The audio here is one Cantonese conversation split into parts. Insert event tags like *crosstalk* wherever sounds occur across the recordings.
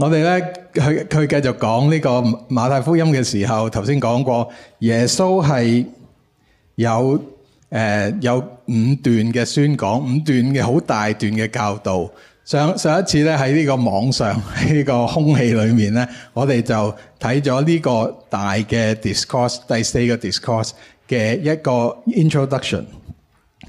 我哋咧，佢佢繼續講呢個馬太福音嘅時候，頭先講過耶穌係有誒、呃、有五段嘅宣講，五段嘅好大段嘅教導。上上一次咧喺呢個網上喺呢個空氣裏面咧，我哋就睇咗呢個大嘅 discourse 第四個 discourse 嘅一個 introduction。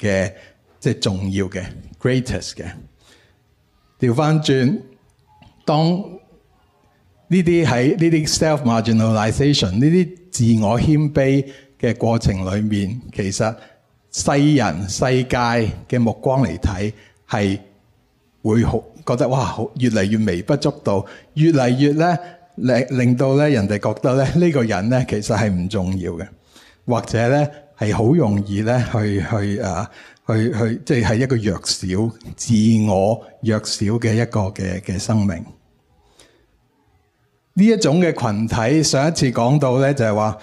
嘅即係重要嘅 greatest 嘅，調翻轉，當呢啲喺呢啲 self marginalization 呢啲自我謙卑嘅過程裏面，其實世人世界嘅目光嚟睇，係會好覺得哇，好越嚟越微不足道，越嚟越咧令令到咧人哋覺得咧呢、呢個人咧其實係唔重要嘅，或者咧。係好容易咧，去去啊，去去，即係喺一個弱小、自我弱小嘅一個嘅嘅生命。呢一種嘅群體，上一次講到咧，就係話，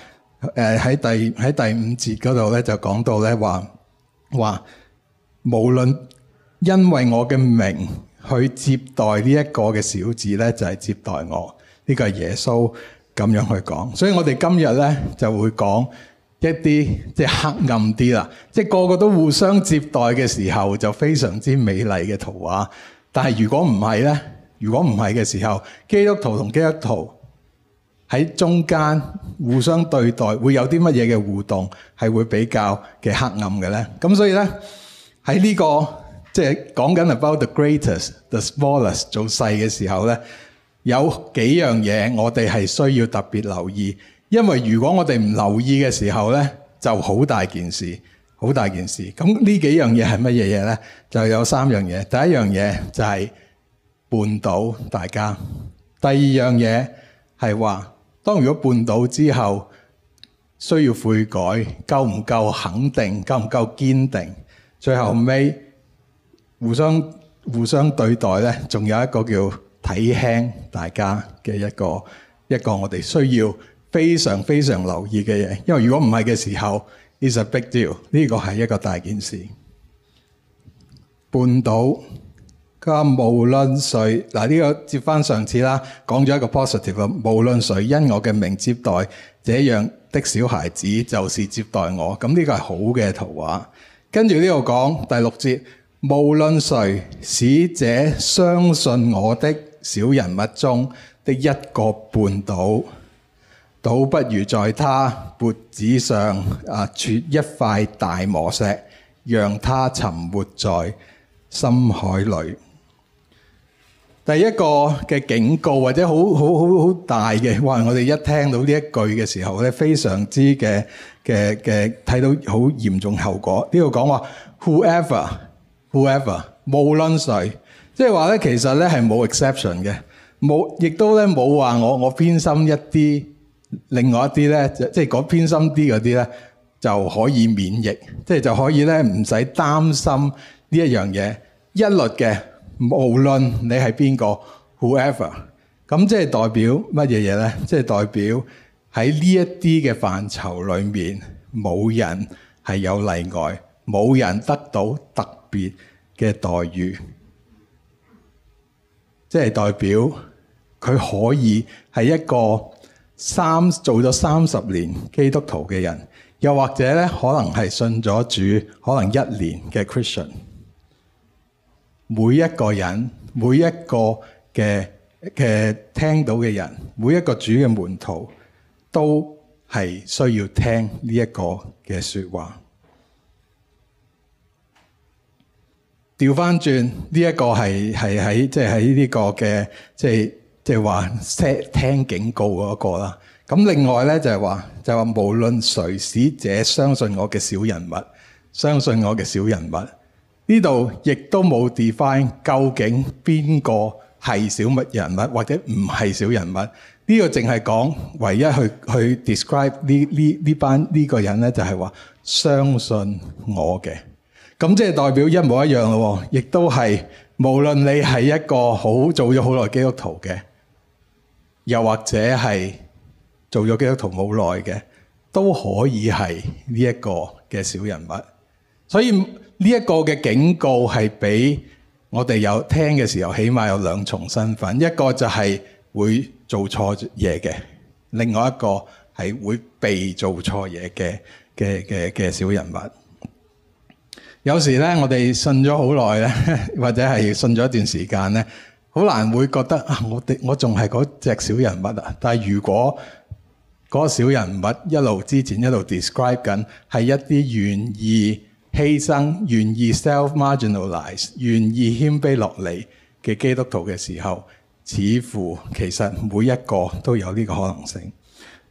誒喺第喺第五節嗰度咧，就講到咧話話，無論因為我嘅名去接待呢一個嘅小子咧，就係接待我，呢個係耶穌咁樣去講。所以我哋今日咧就會講。一啲即係黑暗啲啦，即係個個都互相接待嘅時候，就非常之美麗嘅圖畫。但係如果唔係咧，如果唔係嘅時候，基督徒同基督徒喺中間互相對待，會有啲乜嘢嘅互動係會比較嘅黑暗嘅咧？咁所以咧喺呢個即係講緊 about the greatest the smallest 做細嘅時候咧，有幾樣嘢我哋係需要特別留意。因為如果我哋唔留意嘅時候呢，就好大件事，好大件事。咁呢幾樣嘢係乜嘢嘢呢？就有三樣嘢。第一樣嘢就係絆倒大家。第二樣嘢係話，當如果絆倒之後需要悔改，夠唔夠肯定？夠唔夠堅定？最後尾互相互相對待呢，仲有一個叫睇輕大家嘅一個一個我哋需要。非常非常留意嘅嘢，因為如果唔係嘅時候，is a big deal，呢個係一個大件事。半島，咁無論誰嗱呢、這個接翻上，上次啦，講咗一個 positive，無論誰因我嘅名接待這樣的小孩子，就是接待我。咁、這、呢個係好嘅圖畫。跟住呢度講第六節，無論誰使者相信我的小人物中的一個半島。好不如在他脖子上啊，撮一塊大磨石，讓他沉沒在深海裏。第一個嘅警告或者好好好好大嘅。話，我哋一聽到呢一句嘅時候咧，非常之嘅嘅嘅睇到好嚴重的後果。呢度講話，whoever whoever 無論誰，即係話咧，其實咧係冇 exception 嘅，冇亦都咧冇話我我偏心一啲。另外一啲咧，即係講偏心啲嗰啲咧，就可以免疫，即係就可以咧唔使擔心呢一樣嘢。一律嘅，無論你係邊個，whoever，咁即係代表乜嘢嘢咧？即係代表喺呢一啲嘅範疇裡面，冇人係有例外，冇人得到特別嘅待遇，即係代表佢可以係一個。三做咗三十年基督徒嘅人，又或者呢，可能係信咗主，可能一年嘅 Christian，每一個人每一個嘅嘅聽到嘅人，每一個主嘅門徒，都係需要聽呢一個嘅說話。調翻轉呢一個係係喺即係喺呢個嘅即係。就是即係話聽警告嗰、嗰個啦。咁另外咧就係話，就話、是、無論誰使者相信我嘅小人物，相信我嘅小人物，呢度亦都冇 define 究竟邊個係小乜人物或者唔係小人物。呢個淨係講唯一去去 describe 呢呢呢班呢個人咧，就係話相信我嘅。咁即係代表一模一樣喎，亦都係無論你係一個好做咗好耐基督徒嘅。又或者係做咗基督徒好耐嘅，都可以係呢一個嘅小人物。所以呢一個嘅警告係俾我哋有聽嘅時候，起碼有兩重身份：一個就係會做錯嘢嘅，另外一個係會被做錯嘢嘅嘅嘅嘅小人物。有時呢，我哋信咗好耐呢，或者係信咗一段時間呢。好難會覺得啊，我哋我仲係嗰隻小人物啊！但係如果嗰小人物一路之前一路 describe 緊係一啲願意犧牲、願意 self marginalize、願意謙卑落嚟嘅基督徒嘅時候，似乎其實每一個都有呢個可能性。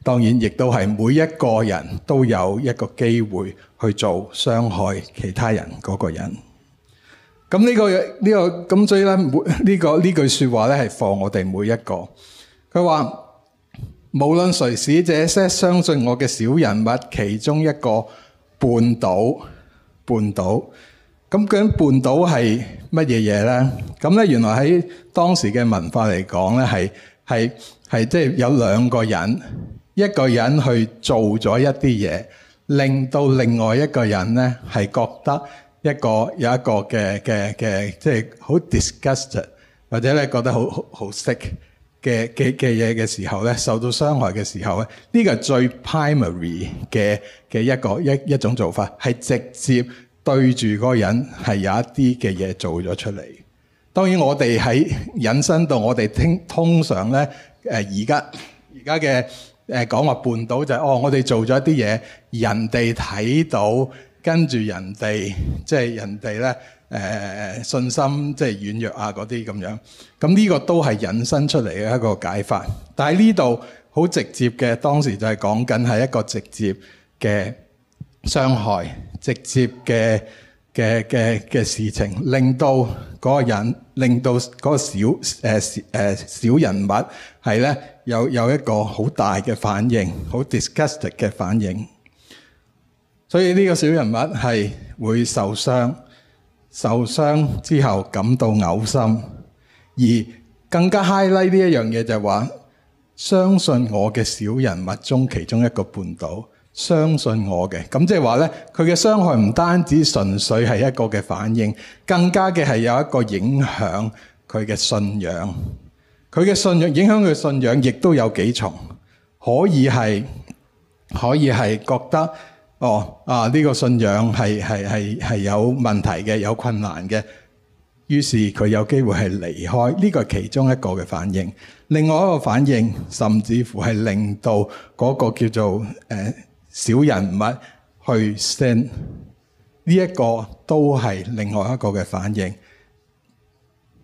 當然，亦都係每一個人都有一個機會去做傷害其他人嗰個人。咁、這、呢個呢、這個咁所以咧呢個呢句說話咧係放我哋每一個。佢話無論誰使這些相信我嘅小人物其中一個絆倒，絆倒。咁究竟絆倒係乜嘢嘢咧？咁咧原來喺當時嘅文化嚟講咧係係係即係有兩個人，一個人去做咗一啲嘢，令到另外一個人咧係覺得。一個有一個嘅嘅嘅，即係好 disgusted，或者咧覺得好好好 sick 嘅嘅嘅嘢嘅時候咧，受到傷害嘅時候咧，呢個係最 primary 嘅嘅一個一一種做法，係直接對住嗰個人係有一啲嘅嘢做咗出嚟。當然我哋喺引申到我哋聽通常咧，誒而家而家嘅誒講話半島就係哦，我哋做咗一啲嘢，人哋睇到。跟住人哋，即係人哋咧，誒信心即係軟弱啊，嗰啲咁樣，咁呢個都係引申出嚟嘅一個解法。但係呢度好直接嘅，當時就係講緊係一個直接嘅傷害，直接嘅嘅嘅嘅事情，令到嗰個人，令到嗰個小誒誒小人物係咧有有一個好大嘅反應，好 disgusted 嘅反應。所以呢個小人物係會受傷，受傷之後感到嘔心。而更加 highlight 呢一樣嘢就係話，相信我嘅小人物中其中一個半島，相信我嘅。咁即係話咧，佢嘅傷害唔單止純粹係一個嘅反應，更加嘅係有一個影響佢嘅信仰。佢嘅信仰影響佢嘅信仰，亦都有幾重，可以係可以係覺得。哦，啊，呢個信仰係係係係有問題嘅，有困難嘅。於是佢有機會係離開，呢個係其中一個嘅反應。另外一個反應，甚至乎係令到嗰個叫做誒、呃、小人物去升，呢一個都係另外一個嘅反應。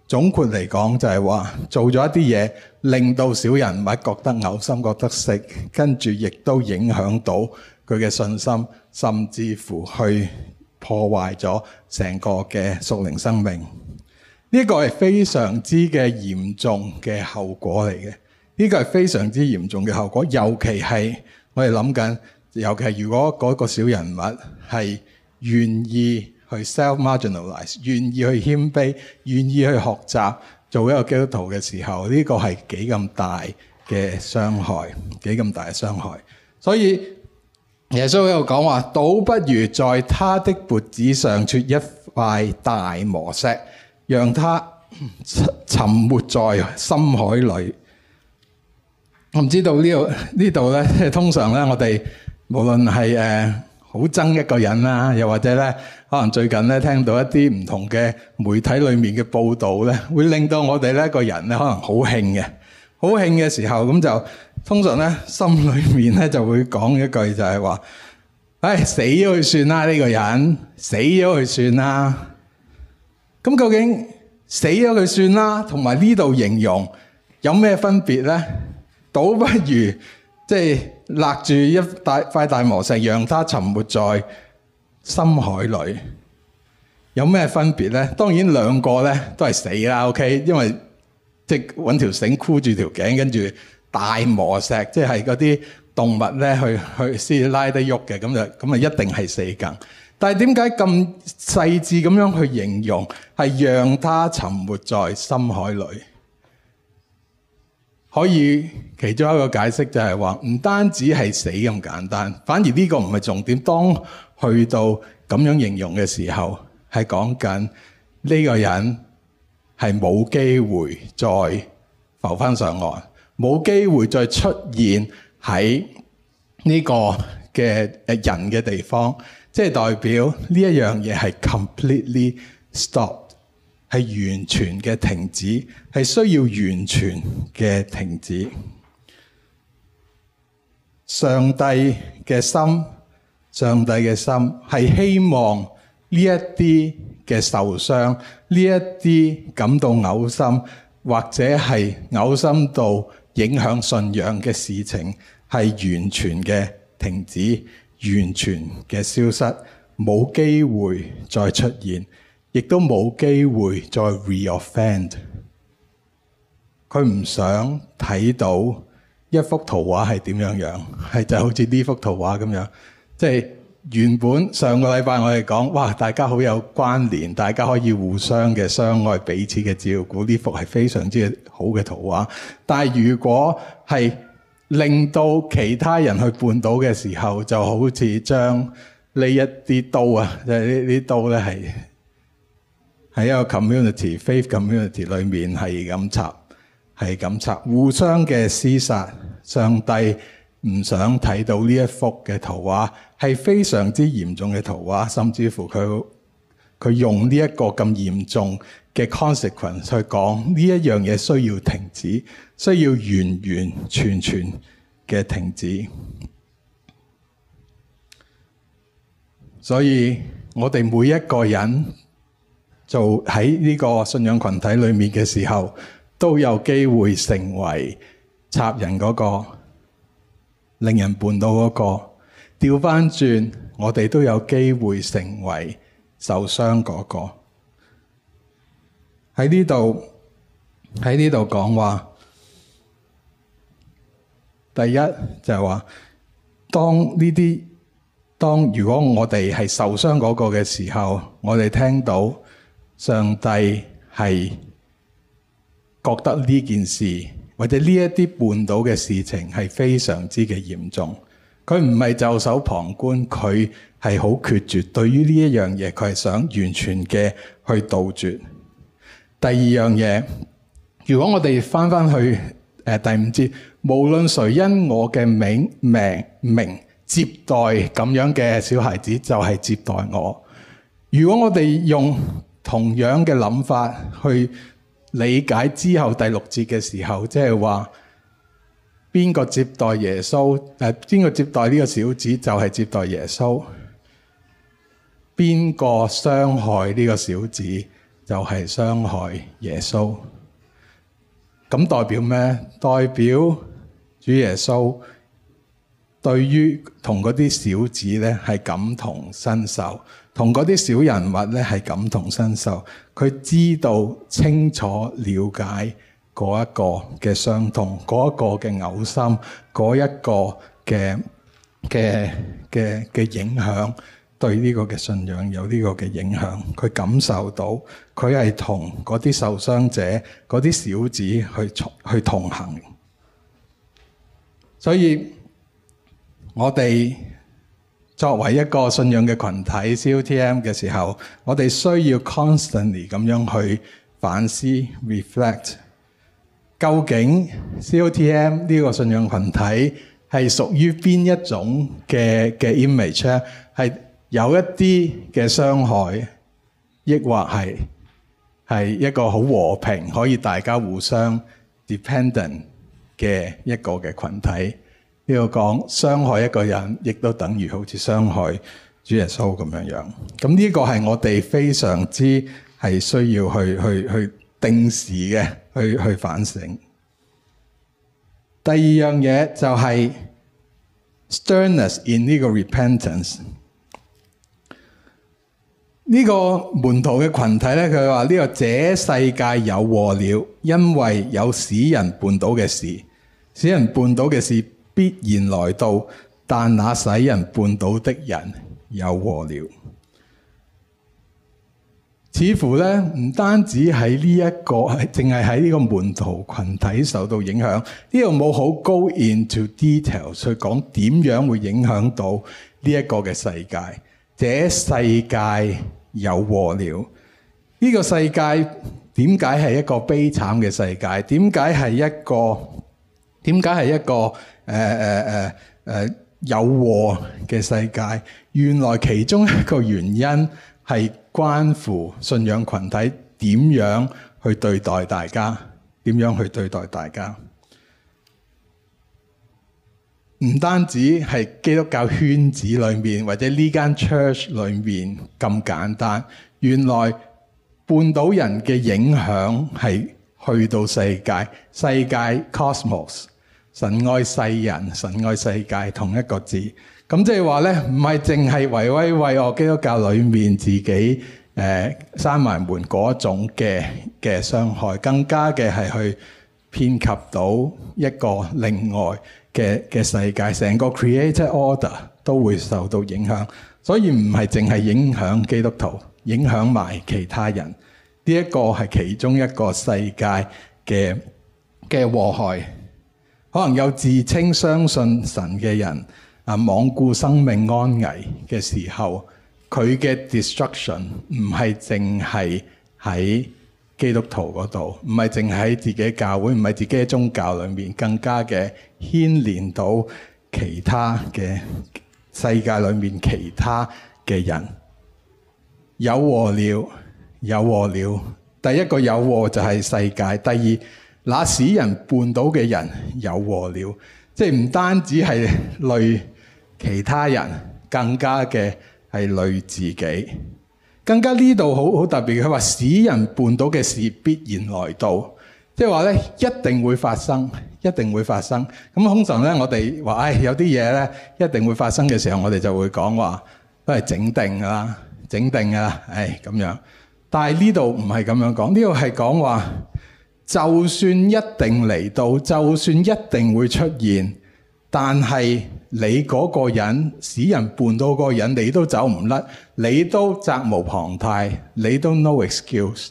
總括嚟講，就係話做咗一啲嘢，令到小人物覺得嘔心，覺得食，跟住亦都影響到。佢嘅信心，甚至乎去破壞咗成個嘅屬靈生命，呢個係非常之嘅嚴重嘅後果嚟嘅。呢個係非常之嚴重嘅後果，尤其係我哋諗緊，尤其係如果嗰個小人物係願意去 self marginalize，願意去謙卑，願意去學習做一個基督徒嘅時候，呢個係幾咁大嘅傷害，幾咁大嘅傷害，所以。耶穌喺度講話，倒不如在他的脖子上撮一塊大磨石，讓他沉沒在深海裏。我唔知道呢度呢度咧，即係通常咧，我哋無論係誒好憎一個人啦，又或者咧，可能最近咧聽到一啲唔同嘅媒體裏面嘅報道咧，會令到我哋咧個人咧可能好興嘅，好興嘅時候咁就。。通常呢，心裏面呢就會講一句就係話：唉、哎，死咗佢算啦，呢、這個人，死咗佢算啦。咁究竟死咗佢算啦，同埋呢度形容有咩分別呢？倒不如即係勒住一大塊大磨石，讓它沉沒在深海裏。有咩分別呢？當然兩個呢都係死啦，OK，因為即係揾條繩箍住條頸，跟住大磨石，即係嗰啲動物咧，去去先拉得喐嘅，咁就咁啊，一定係死梗。但係點解咁細緻咁樣去形容，係讓他沉沒在深海裡？可以其中一個解釋就係話，唔單止係死咁簡單，反而呢個唔係重點。當去到咁樣形容嘅時候，係講緊呢個人係冇機會再浮返上岸。冇機會再出現喺呢個嘅人嘅地方，即係代表呢一樣嘢係 completely stopped，係完全嘅停止，係需要完全嘅停止。上帝嘅心，上帝嘅心係希望呢一啲嘅受傷，呢一啲感到嘔心，或者係嘔心到。影響信仰嘅事情係完全嘅停止，完全嘅消失，冇機會再出現，亦都冇機會再 reoffend。佢唔想睇到一幅圖畫係點樣樣，係就好似呢幅圖畫咁樣，即係。原本上個禮拜我哋講，哇！大家好有關聯，大家可以互相嘅相愛彼此嘅照顧，呢幅係非常之好嘅圖畫。但如果係令到其他人去碰到嘅時候，就好似將呢一啲刀啊，即係呢啲刀咧係喺一個 community faith community 裏面係咁插，係咁插，互相嘅廝殺，上帝。唔想睇到呢一幅嘅圖畫，係非常之嚴重嘅圖畫，甚至乎佢佢用呢一個咁嚴重嘅 consequence 去講呢一樣嘢需要停止，需要完完全全嘅停止。所以我哋每一個人就喺呢個信仰群體裏面嘅時候，都有機會成為插人嗰個。令人絆倒嗰個，調翻轉，我哋都有機會成為受傷嗰個。喺呢度，喺呢度講話，第一就係話，當呢啲，當如果我哋係受傷嗰個嘅時候，我哋聽到上帝係覺得呢件事。或者呢一啲絆倒嘅事情係非常之嘅嚴重，佢唔係袖手旁觀，佢係好決絕對這。對於呢一樣嘢，佢係想完全嘅去杜絕。第二樣嘢，如果我哋翻翻去誒、呃、第五節，無論誰因我嘅名、命、名接待咁樣嘅小孩子，就係、是、接待我。如果我哋用同樣嘅諗法去。理解之後第六節嘅時候，即係話邊個接待耶穌？誒，邊個接待呢個小子就係接待耶穌。邊個傷害呢個小子就係傷害耶穌。咁代表咩？代表主耶穌對於同嗰啲小子呢係感同身受。同嗰啲小人物咧係感同身受，佢知道清楚了解嗰一個嘅傷痛，嗰一個嘅嘔心，嗰一個嘅嘅嘅嘅影響，對呢個嘅信仰有呢個嘅影響。佢感受到佢係同嗰啲受傷者、嗰啲小子去去同行。所以，我哋。作為一個信仰嘅群體 COTM 嘅時候，我哋需要 constantly 咁樣去反思 reflect，究竟 COTM 呢個信仰群體係屬於邊一種嘅嘅 image？係有一啲嘅傷害，抑或係係一個好和平可以大家互相 dependent 嘅一個嘅群體。呢、這個講傷害一個人，亦都等於好似傷害主耶穌咁樣樣。咁、嗯、呢、這個係我哋非常之係需要去去去定時嘅去去反省。第二樣嘢就係、是、 *noise* sternness in 呢個 repentance。呢、這個門徒嘅群體咧，佢話呢個這世界有禍了，因為有使人絆倒嘅事，使人絆倒嘅事必然來到，但那使人絆倒的人有禍了。似乎呢，唔單止喺呢一個，淨係喺呢個門徒群體受到影響。呢度冇好 go into detail 去講點樣會影響到呢一個嘅世界。這世界有禍了。呢、呢個世界點解係一個悲慘嘅世界？點解係一個？點解係一個？誒誒誒誒有禍嘅世界，原來其中一個原因係關乎信仰群體點樣去對待大家，點樣去對待大家。唔單止係基督教圈子裏面或者呢間 church 裏面咁簡單，原來半島人嘅影響係去到世界，世界 cosmos。神愛世人，神愛世界，同一個字。咁即係話咧，唔係淨係維微為我基督教裏面自己誒閂埋門嗰種嘅嘅傷害，更加嘅係去遍及到一個另外嘅嘅世界，成個 Creator Order 都會受到影響。所以唔係淨係影響基督徒，影響埋其他人。呢一個係其中一個世界嘅嘅禍害。可能有自稱相信神嘅人啊，罔顧生命安危嘅時候，佢嘅 destruction 唔係淨係喺基督徒嗰度，唔係淨喺自己嘅教會，唔係自己嘅宗教裏面，更加嘅牽連到其他嘅世界裏面其他嘅人。有禍了，有禍了！第一個有禍就係世界，第二。那使人絆倒嘅人有禍了，即係唔單止係累其他人，更加嘅係累自己。更加呢度好好特別，佢話使人絆倒嘅事必然來到，即係話咧一定會發生，一定會發生。咁通常咧，我哋話唉，有啲嘢咧一定會發生嘅時候，我哋就會講話都係整定噶啦，整定噶啦，唉、哎、咁樣。但係呢度唔係咁樣講，呢度係講話。就算一定嚟到，就算一定會出現，但係你嗰個人使人絆到嗰個人，你都走唔甩，你都責無旁貸，你都 no excuse。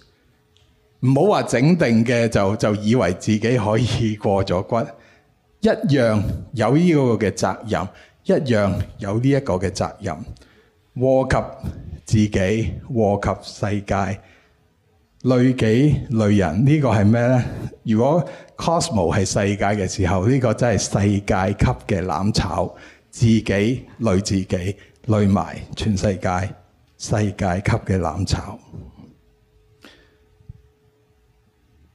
唔好話整定嘅，就就以為自己可以過咗骨，一樣有呢個嘅責任，一樣有呢一個嘅責任，禍及自己，禍及世界。累己累人呢個係咩呢？如果 cosmo 係世界嘅時候，呢個真係世界級嘅攬炒，自己累自己，累埋全世界，世界級嘅攬炒。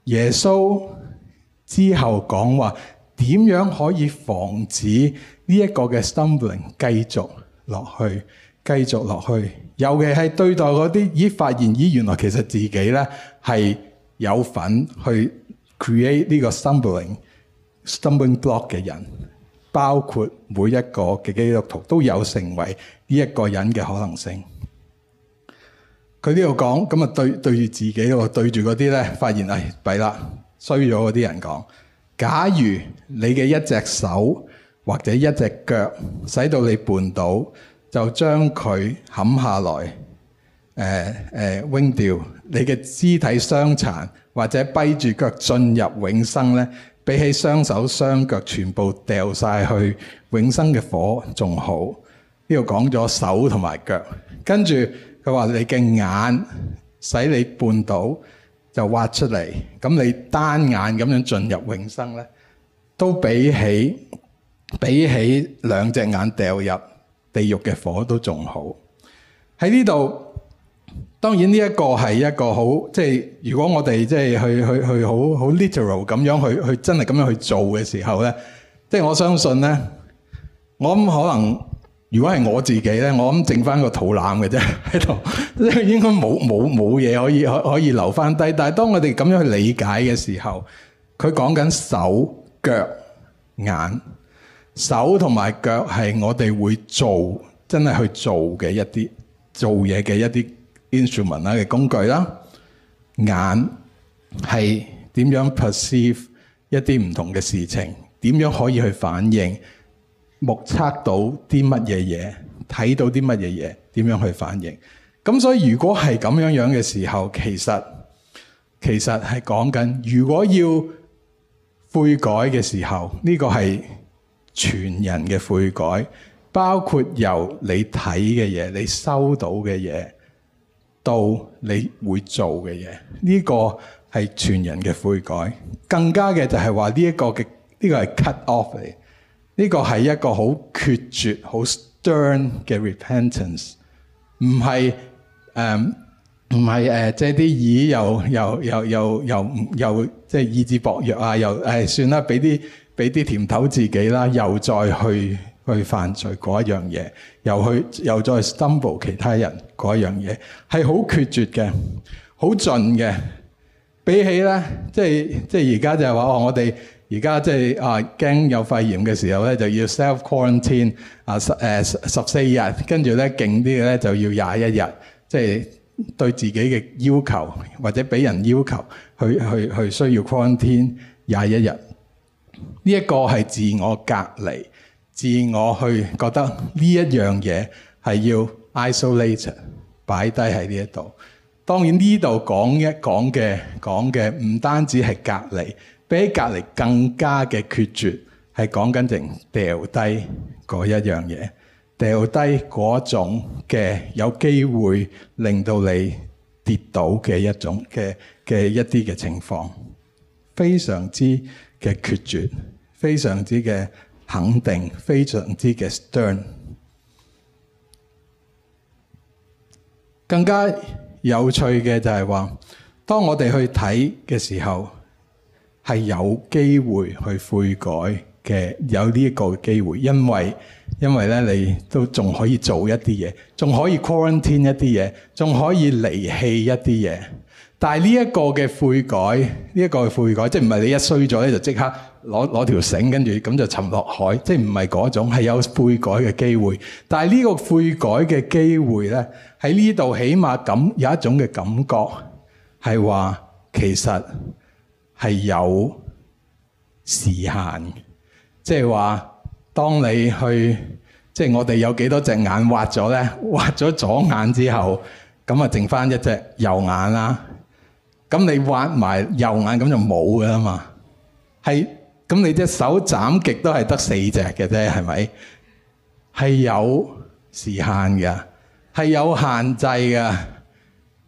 耶穌之後講話，點樣可以防止呢一個嘅 stumbling 繼續落去，繼續落去？尤其係對待嗰啲已發現，咦，原來其實自己咧係有份去 create 呢個 stumbling stumbling block 嘅人，包括每一個嘅基督徒都有成為呢一個人嘅可能性。佢呢度講，咁啊對對住自己喎，對住嗰啲咧發現，哎，弊啦，衰咗嗰啲人講。假如你嘅一隻手或者一隻腳使到你絆倒。就將佢冚下來，誒誒扔掉。你嘅肢體傷殘或者跛住腳進入永生咧，比起雙手雙腳全部掉曬去永生嘅火仲好。呢度講咗手同埋腳，跟住佢話你嘅眼使你跌倒就挖出嚟，咁你單眼咁樣進入永生咧，都比起比起兩隻眼掉入。地獄嘅火都仲好喺呢度。當然呢一個係一個好，即係如果我哋即係去去去好好 literal 咁樣去去真係咁樣去做嘅時候咧，即係我相信咧，我諗可能如果係我自己咧，我諗剩翻個肚腩嘅啫喺度，即係應該冇冇冇嘢可以可可以留翻低。但係當我哋咁樣去理解嘅時候，佢講緊手腳眼。手同埋腳係我哋會做真係去做嘅一啲做嘢嘅一啲 instrument 啦嘅工具啦。眼係點樣 perceive 一啲唔同嘅事情？點樣可以去反應、目測到啲乜嘢嘢、睇到啲乜嘢嘢？點樣去反應？咁所以如果係咁樣樣嘅時候，其實其實係講緊如果要悔改嘅時候，呢個係。全人嘅悔改，包括由你睇嘅嘢、你收到嘅嘢，到你會做嘅嘢，呢、這個係全人嘅悔改。更加嘅就係話呢一個嘅呢個係 cut off 嚟，呢個係一個好決絕、好 stern 嘅 repentance，唔係誒唔係誒即係啲意又又又又又又即係、就是、意志薄弱啊，又誒、哎、算啦，俾啲俾啲甜頭自己啦，又再去去犯罪嗰一樣嘢，又去又再 stumble 其他人嗰一樣嘢，係好決絕嘅，好盡嘅。比起咧，即係即係而家就係話我哋而家即係啊驚有肺炎嘅時候咧，就要 self quarantine 啊十誒十四日，跟住咧勁啲嘅咧就要廿一日，即係對自己嘅要求或者俾人要求去去去需要 quarantine 廿一日。呢、這、一個係自我隔離，自我去覺得呢一樣嘢係要 isolate 擺低喺呢一度。當然呢度講一講嘅講嘅唔單止係隔離，比起隔離更加嘅決絕係講緊剩掉低嗰一樣嘢，掉低嗰種嘅有機會令到你跌倒嘅一種嘅嘅一啲嘅情況，非常之。嘅決絕，非常之嘅肯定，非常之嘅 stern。更加有趣嘅就係話，當我哋去睇嘅時候，係有機會去悔改嘅，有呢一個機會，因為因為咧，你都仲可以做一啲嘢，仲可以 quarantine 一啲嘢，仲可以離棄一啲嘢。但係呢一個嘅悔改，呢、這、一個嘅悔改，即係唔係你一衰咗咧就即刻攞攞條繩跟住咁就沉落海，即係唔係嗰種，係有悔改嘅機會。但係呢個悔改嘅機會咧，喺呢度起碼咁有一種嘅感覺，係話其實係有時限。即係話，當你去即係我哋有幾多隻眼挖咗咧？挖咗左眼之後，咁啊剩翻一隻右眼啦。咁你挖埋右眼咁就冇㗎啦嘛，係咁你隻手斬極都係得四隻嘅啫，係咪？係有時限㗎，係有限制㗎。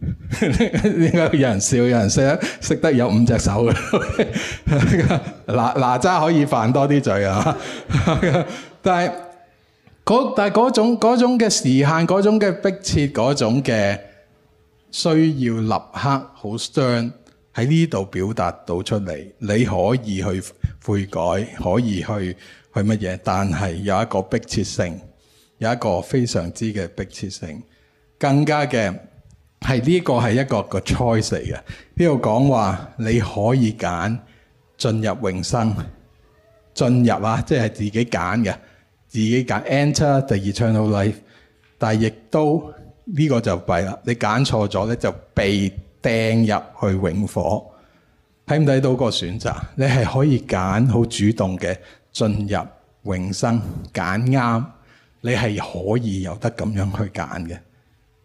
呢個有人笑，有人識得識得有五隻手㗎，哪哪吒可以犯多啲罪啊！但係嗰但係嗰種嗰種嘅時限，嗰種嘅迫切，嗰種嘅。需要立刻好 strong 喺呢度表達到出嚟，你可以去悔改，可以去去乜嘢，但係有一個迫切性，有一個非常之嘅迫切性，更加嘅係呢個係一個個 choice 嚟嘅。呢度講話你可以揀進入永生，進入啊，即係自己揀嘅，自己揀 enter the eternal life，但係亦都。呢個就弊啦！你揀錯咗咧，你就被掟入去永火。睇唔睇到個選擇？你係可以揀好主動嘅進入永生，揀啱你係可以有得咁樣去揀嘅。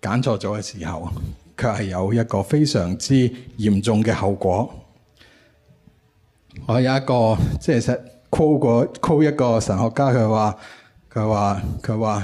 揀錯咗嘅時候，佢係有一個非常之嚴重嘅後果。我有一個即係實 call 個 call 一個神學家，佢話佢話佢話。他說他說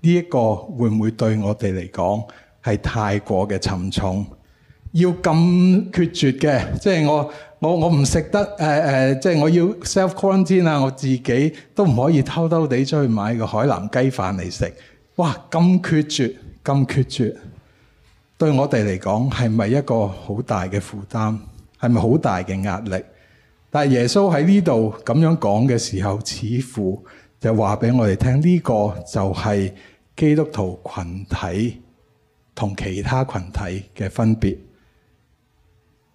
呢一個會唔會對我哋嚟講係太過嘅沉重？要咁決絕嘅，即係我我我唔食得、呃、即係我要 self quarantine 啊！我自己都唔可以偷偷地出去買個海南雞飯嚟食。哇！咁決絕，咁決絕，對我哋嚟講係咪一個好大嘅負擔？係咪好大嘅壓力？但係耶穌喺呢度咁樣講嘅時候，似乎就話俾我哋聽，呢個就係基督徒群體同其他群體嘅分別。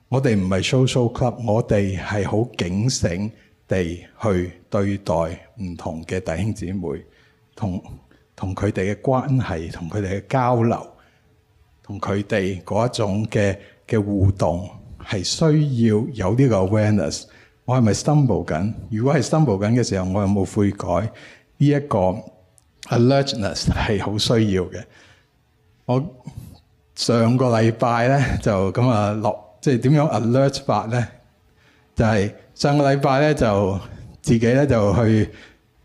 我哋唔係 social club，我哋係好警醒地去對待唔同嘅弟兄姊妹，同同佢哋嘅關係、同佢哋嘅交流、同佢哋嗰一種嘅嘅互動，係需要有呢個 awareness。我係咪 stumble 緊？如果係 stumble 緊嘅時候，我有冇悔改？呢一個 alertness 係好需要嘅。我上個禮拜咧就咁啊落，即係點樣 alert 法咧？就係、是、上個禮拜咧就自己咧就去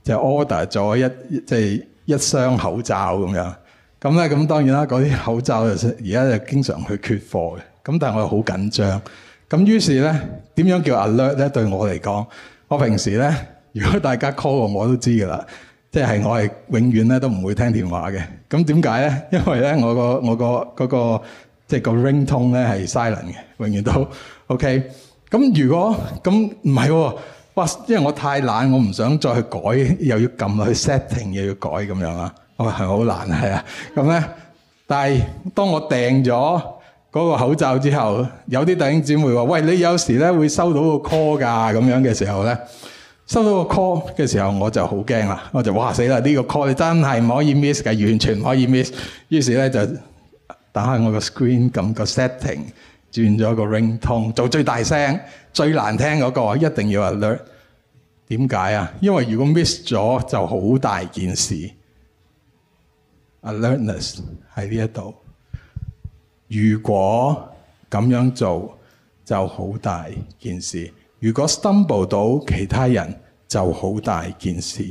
就 order 咗一即係、就是、一箱口罩咁樣。咁咧，咁當然啦，嗰啲口罩就而、是、家就經常去缺貨嘅。咁但係我好緊張。咁於是咧，點樣叫 alert 咧？對我嚟講，我平時咧，如果大家 call 我，我都知㗎啦。即係我係永遠咧都唔會聽電話嘅。咁點解咧？因為咧我個我個嗰個即係個 ringtone 咧係 silent 嘅，永遠都 OK。咁如果咁唔係喎，哇！因為我太懶，我唔想再去改，又要撳落去 setting 又要改咁樣啦。哇，係好難係啊。咁咧，但係當我訂咗。嗰個口罩之後，有啲弟兄姊妹話：喂，你有時咧會收到個 call 㗎，咁樣嘅時候咧，收到個 call 嘅時候，我就好驚啦，我就哇死啦！呢個 call 真係唔可以 miss 嘅，完全唔可以 miss。於是咧就打開我個 screen，撳個 setting，轉咗個 ring tone，做最大聲、最難聽嗰個，一定要 alert。點解啊？因為如果 miss 咗就好大件事，alertness 喺呢一度。如果咁樣做就好大件事；如果 stumble 到其他人就好大件事。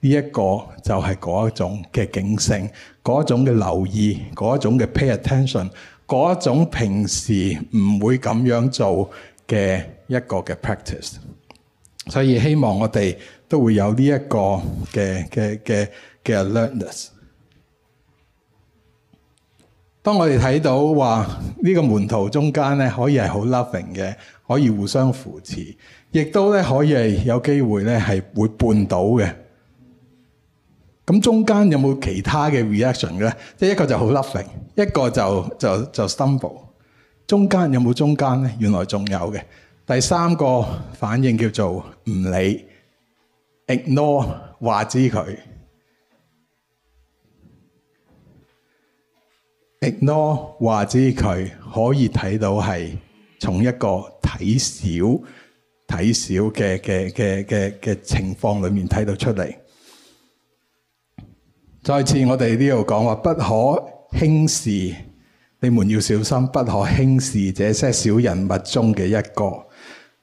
呢、這、一個就係嗰一種嘅警醒，嗰一種嘅留意，嗰一種嘅 pay attention，嗰一種平時唔會咁樣做嘅一個嘅 practice。所以希望我哋都會有呢一個嘅嘅嘅嘅 awareness。當我哋睇到話呢個門徒中間咧，可以係好 loving 嘅，可以互相扶持，亦都咧可以係有機會咧係會絆倒嘅。咁中間有冇其他嘅 reaction 咧？即係一個就好 loving，一個就就就 stumble。中間有冇中間咧？原來仲有嘅。第三個反應叫做唔理 ignore，話知佢。ignore 話之佢，可以睇到係從一個睇小睇少嘅嘅嘅嘅嘅情況裏面睇到出嚟。再次我哋呢度講話不可輕視，你們要小心，不可輕視這些小人物中嘅一個。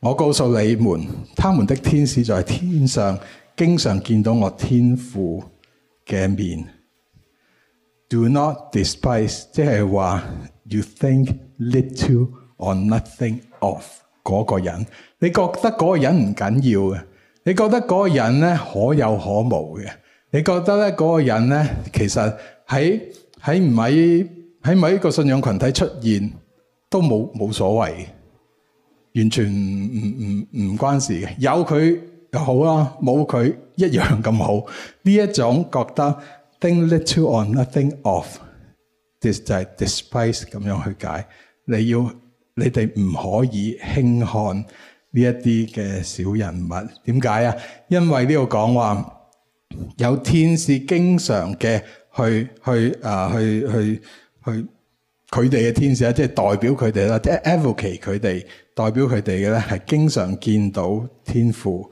我告訴你們，他們的天使在天上經常見到我天父嘅面。Do not despise，即係話，you think little or nothing of 嗰個人。你覺得嗰個人唔緊要嘅，你覺得嗰個人咧可有可無嘅，你覺得咧嗰個人咧其實喺喺唔喺喺唔喺一個信仰群體出現都冇冇所謂，完全唔唔唔關事嘅。有佢就好啦，冇佢一樣咁好。呢一種覺得。Think little or, nothing of, this 就係 despise 咁樣去解。你要你哋唔可以輕看呢一啲嘅小人物。點解啊？因為呢度講話有天使經常嘅去去啊去啊去去佢哋嘅天使啦，即係代表佢哋啦，即係 advocate 佢哋，代表佢哋嘅咧係經常見到天父。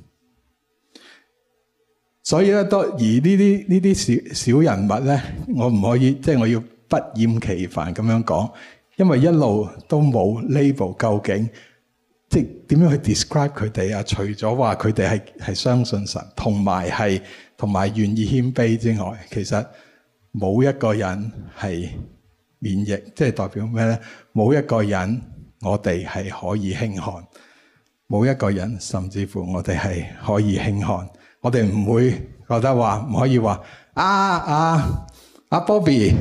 所以咧，多而呢啲呢啲小小人物咧，我唔可以即係、就是、我要不厭其煩咁樣講，因為一路都冇 label 究竟即係點樣去 describe 佢哋啊？除咗話佢哋係係相信神，同埋係同埋願意謙卑之外，其實冇一個人係免疫，即、就、係、是、代表咩咧？冇一個人我哋係可以輕看，冇一個人甚至乎我哋係可以輕看。我哋唔會覺得話，唔可以話啊啊啊 Bobby，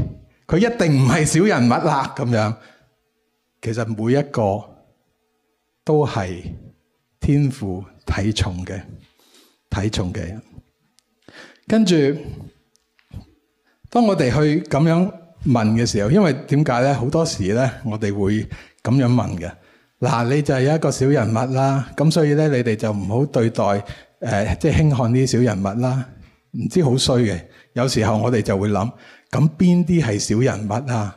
佢一定唔係小人物啦，咁樣。其實每一個都係天父體重嘅體重嘅人。跟住當我哋去咁樣問嘅時候，因為點解咧？好多時咧，我哋會咁樣問嘅。嗱，你就係一個小人物啦，咁所以咧，你哋就唔好對待。誒、呃，即係輕看啲小人物啦，唔知好衰嘅。有時候我哋就會諗，咁邊啲係小人物啊？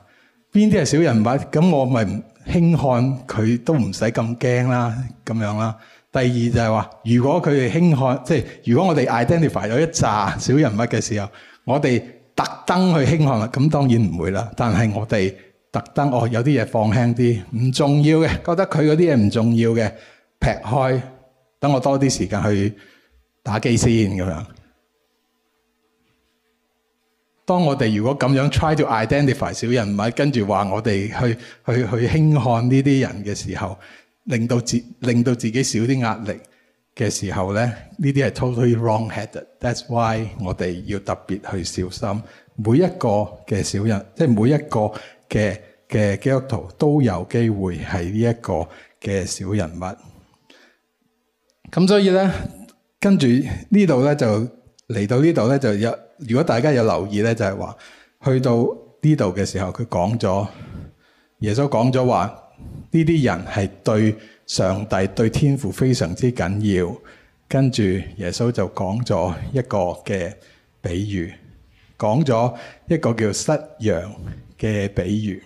邊啲係小人物？咁我咪輕看佢都唔使咁驚啦，咁樣啦。第二就係話，如果佢哋輕看，即係如果我哋 identify 有一紮小人物嘅時候，我哋特登去輕看啦。咁當然唔會啦。但係我哋特登哦，有啲嘢放輕啲，唔重要嘅，覺得佢嗰啲嘢唔重要嘅，劈開，等我多啲時間去打機先咁樣。當我哋如果咁樣 try to identify 小人物，跟住話我哋去去去輕看呢啲人嘅時候，令到自令到自己少啲壓力嘅時候咧，呢啲係 totally wrong-headed。That's why 我哋要特別去小心每一個嘅小人，即係每一個嘅嘅基督徒都有機會係呢一個嘅小人物。咁所以咧。跟住呢度咧就嚟到這裏呢度咧就有，如果大家有留意咧，就係話去到呢度嘅時候，佢講咗耶穌講咗話呢啲人係對上帝對天父非常之緊要。跟住耶穌就講咗一個嘅比喻，講咗一個叫失羊嘅比喻。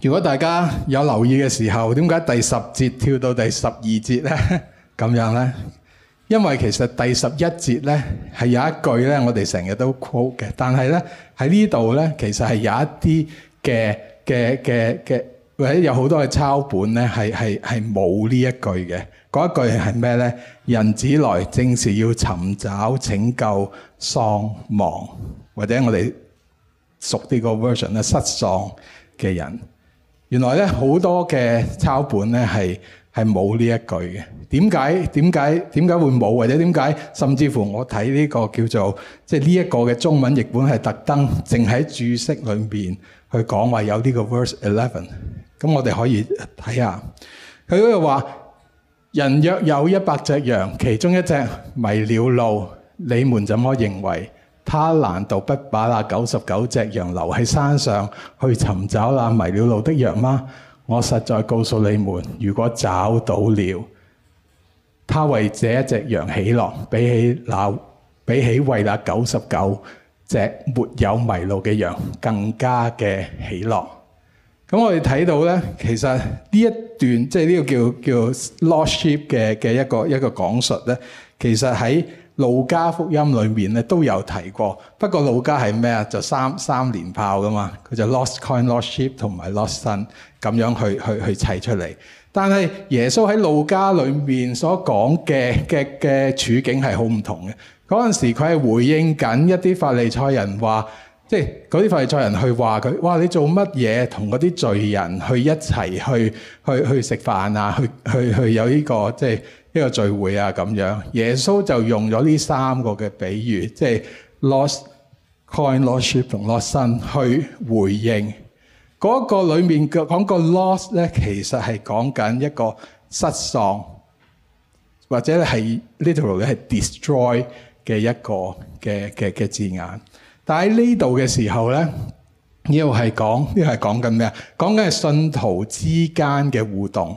如果大家有留意嘅時候，點解第十節跳到第十二節咧？咁樣咧？因為其實第十一節咧係有一句咧，我哋成日都 quote 嘅，但係咧喺呢度咧，其實係有一啲嘅嘅嘅嘅，或者有好多嘅抄本咧係係係冇呢是是是一句嘅。嗰一句係咩咧？人子來正是要尋找拯救喪亡，或者我哋熟啲個 version 咧，失喪嘅人。原來咧好多嘅抄本咧係。係冇呢一句嘅，點解？點解？點解會冇？或者點解？甚至乎我睇呢個叫做即係呢一個嘅中文譯本係特登淨喺註釋裏面去講話有呢個 verse eleven，咁我哋可以睇下。佢嗰度話：人若有一百隻羊，其中一隻迷了路，你們怎麼認為？他難道不把那九十九隻羊留喺山上，去尋找那迷了路的羊嗎？我實在告訴你們，如果找到了，他為這一隻羊喜樂，比起那比起為那九十九隻沒有迷路嘅羊更加嘅喜樂。咁我哋睇到呢，其實呢一段即係呢個叫叫 lost sheep 嘅嘅一個一個講述呢，其實喺路加福音裏面咧都有提過，不過路加係咩啊？就三三連炮噶嘛，佢就 lost coin、lost sheep 同埋 lost son 咁樣去去去砌出嚟。但係耶穌喺路加裏面所講嘅嘅嘅處境係好唔同嘅。嗰陣時佢係回應緊一啲法利賽人話，即係嗰啲法利賽人去話佢，哇！你做乜嘢同嗰啲罪人去一齊去去去去食飯啊？去去去有呢個即係一個聚會啊，咁樣耶穌就用咗呢三個嘅比喻，即係 lost coin、lost sheep 同 lost son 去回應嗰、那個裡面講個 lost 咧，其實係講緊一個失喪或者係 literally 咧係 destroy 嘅一個嘅嘅嘅字眼。但喺呢度嘅時候咧，呢度係講呢度係講緊咩啊？講緊係信徒之間嘅互動。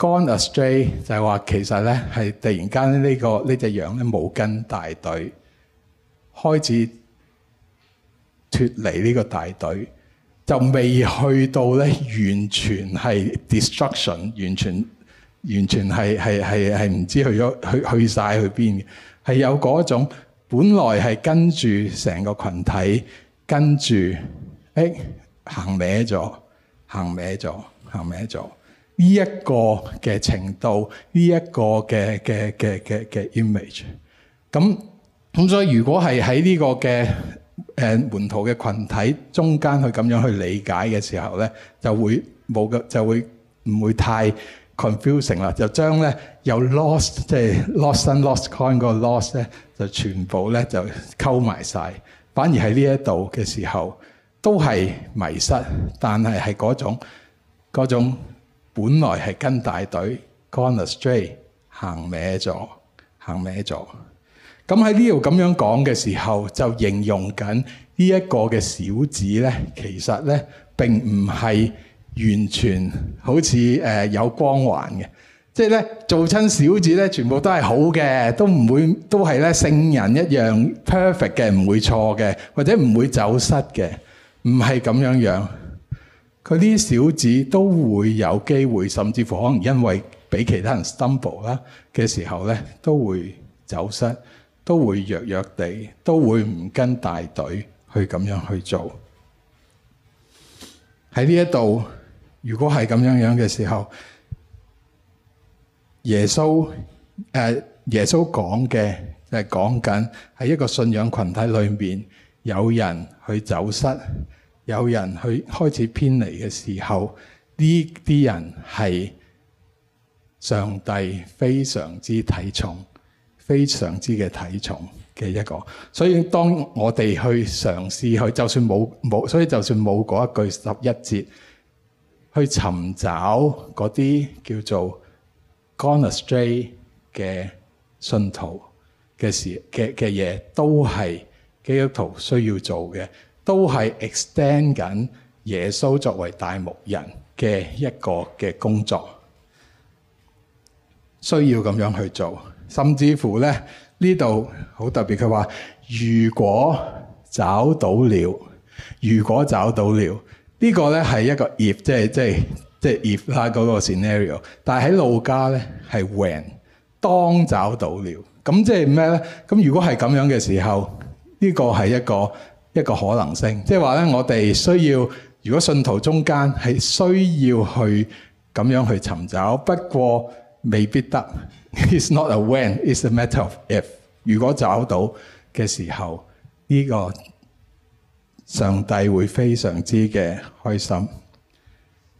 gone astray 就係話其實咧係突然間呢、這個呢隻、這個、羊咧冇跟大隊開始脫離呢個大隊，就未去到咧完全係 destruction，完全完全係係係係唔知去咗去去晒去邊嘅，係有嗰種本來係跟住成個群體跟住，誒、哎、行歪咗，行歪咗，行歪咗。呢一個嘅程度，呢一個嘅嘅嘅嘅嘅 image，咁咁所以如果係喺呢個嘅誒門徒嘅羣體中間去咁樣去理解嘅時候咧，就會冇嘅就會唔會太 confusing 啦，就將咧有 lost 即係 lost and lost coin 嗰個 lost 咧就全部咧就溝埋曬，反而喺呢一度嘅時候都係迷失，但係係嗰種嗰種。本來係跟大隊 gone astray 行歪咗，行歪咗。咁喺呢度咁樣講嘅時候，就形容緊呢一個嘅小子咧，其實咧並唔係完全好似誒有光環嘅，即係咧做親小子咧，全部都係好嘅，都唔會都係咧聖人一樣 perfect 嘅，唔會錯嘅，或者唔會走失嘅，唔係咁樣樣。佢啲小子都會有機會，甚至乎可能因為俾其他人 stumble 啦嘅時候咧，都會走失，都會弱弱地，都會唔跟大隊去咁樣去做。喺呢一度，如果係咁樣樣嘅時候，耶穌誒耶穌講嘅就係講緊喺一個信仰羣體裏面有人去走失。有人去開始偏離嘅時候，呢啲人係上帝非常之睇重、非常之嘅睇重嘅一個。所以當我哋去嘗試去，就算冇冇，所以就算冇嗰一句十一節，去尋找嗰啲叫做 gone astray 嘅信徒嘅事嘅嘅嘢，都係基督徒需要做嘅。都係 extend 緊耶穌作為大牧人嘅一個嘅工作，需要咁樣去做。甚至乎咧，呢度好特別，佢話：如果找到了，如果找到了，這個、呢個咧係一個 if，即係即係即係 if 啦嗰個 scenario 但。但係喺路加咧係 when，當找到了，咁即係咩咧？咁如果係咁樣嘅時候，呢、這個係一個。一個可能性，即係話咧，我哋需要，如果信徒中間係需要去咁樣去尋找，不過未必得。It's not a when, it's a matter of if。如果找到嘅時候，呢個上帝會非常之嘅開心。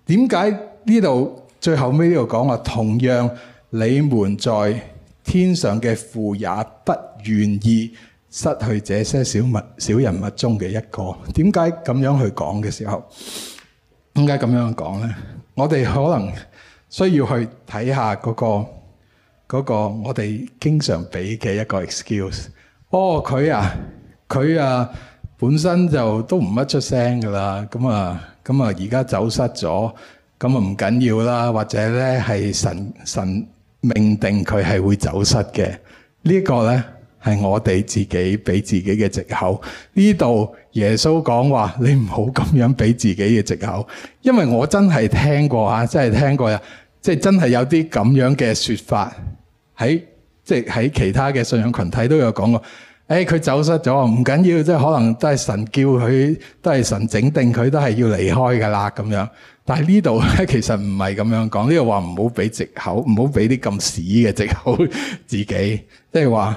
點解呢度最後尾呢度講話？同樣你們在天上嘅父也不願意。失去這些小物、小人物中嘅一個，點解咁樣去講嘅時候？點解咁樣講咧？我哋可能需要去睇下嗰個嗰個，我哋經常俾嘅一個 excuse。哦，佢啊，佢啊，本身就都唔乜出聲噶啦，咁啊，咁啊，而家走失咗，咁啊唔緊要啦，或者咧係神神命定佢係會走失嘅呢個咧。係我哋自己俾自己嘅借口，呢度耶穌講話：你唔好咁樣俾自己嘅借口，因為我真係聽過吓，真係聽過呀，即係真係有啲咁樣嘅說法喺即係喺其他嘅信仰群體都有講過。誒、哎，佢走失咗，唔緊要，即係可能都係神叫佢，都係神整定佢，都係要離開噶啦咁樣。但係呢度咧，其實唔係咁樣講，呢個話唔好俾借口，唔好俾啲咁屎嘅借口自己，即係話。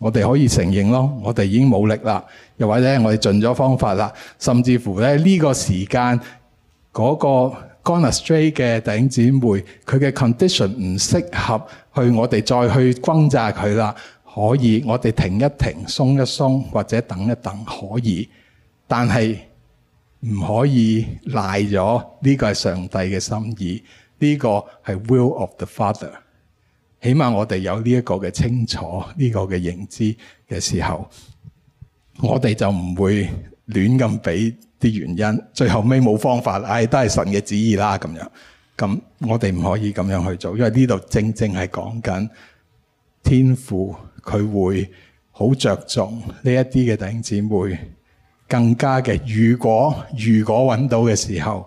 我哋可以承認咯，我哋已經冇力啦，又或者我哋盡咗方法啦，甚至乎咧呢個時間嗰個 gone astray 嘅弟兄姊妹，佢嘅 condition 唔適合去我哋再去轟炸佢啦，可以我哋停一停，鬆一鬆，或者等一等可以，但係唔可以賴咗。呢個係上帝嘅心意，呢個係 Will of the Father。起碼我哋有呢一個嘅清楚，呢個嘅認知嘅時候，我哋就唔會亂咁俾啲原因，最後尾冇方法，唉、哎，都係神嘅旨意啦咁樣，咁我哋唔可以咁樣去做，因為呢度正正係講緊天父佢會好着重呢一啲嘅弟兄姊妹，更加嘅。如果如果揾到嘅時候，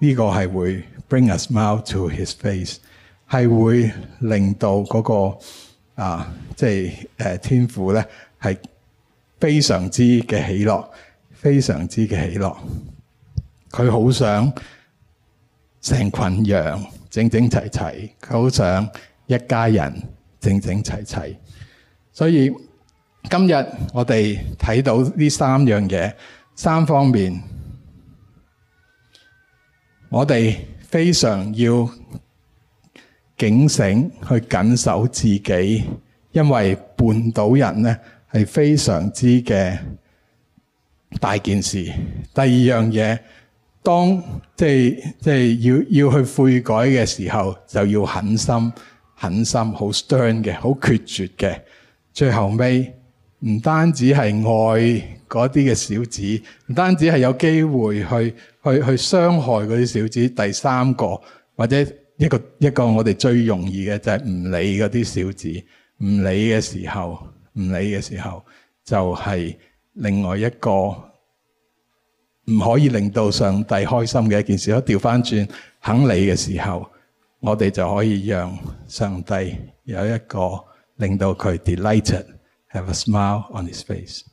呢個係會 bring a smile to his face。係會令到嗰個啊，即係誒天父咧，係非常之嘅喜樂，非常之嘅喜樂。佢好想成群羊整整齊齊，佢好想一家人整整齊齊。所以今日我哋睇到呢三樣嘢，三方面，我哋非常要。警醒，去謹守自己，因為絆倒人呢係非常之嘅大件事。第二樣嘢，當即係即係要要去悔改嘅時候，就要狠心、狠心、好 stern 嘅、好決絕嘅。最後尾唔單止係愛嗰啲嘅小子，唔單止係有機會去去去傷害嗰啲小子。第三個或者。一個一個我哋最容易嘅就係、是、唔理嗰啲小子，唔理嘅時候，唔理嘅時候就係、是、另外一個唔可以令到上帝開心嘅一件事。一調翻轉，肯理嘅時候，我哋就可以讓上帝有一個令到佢 delighted，have a smile on his face。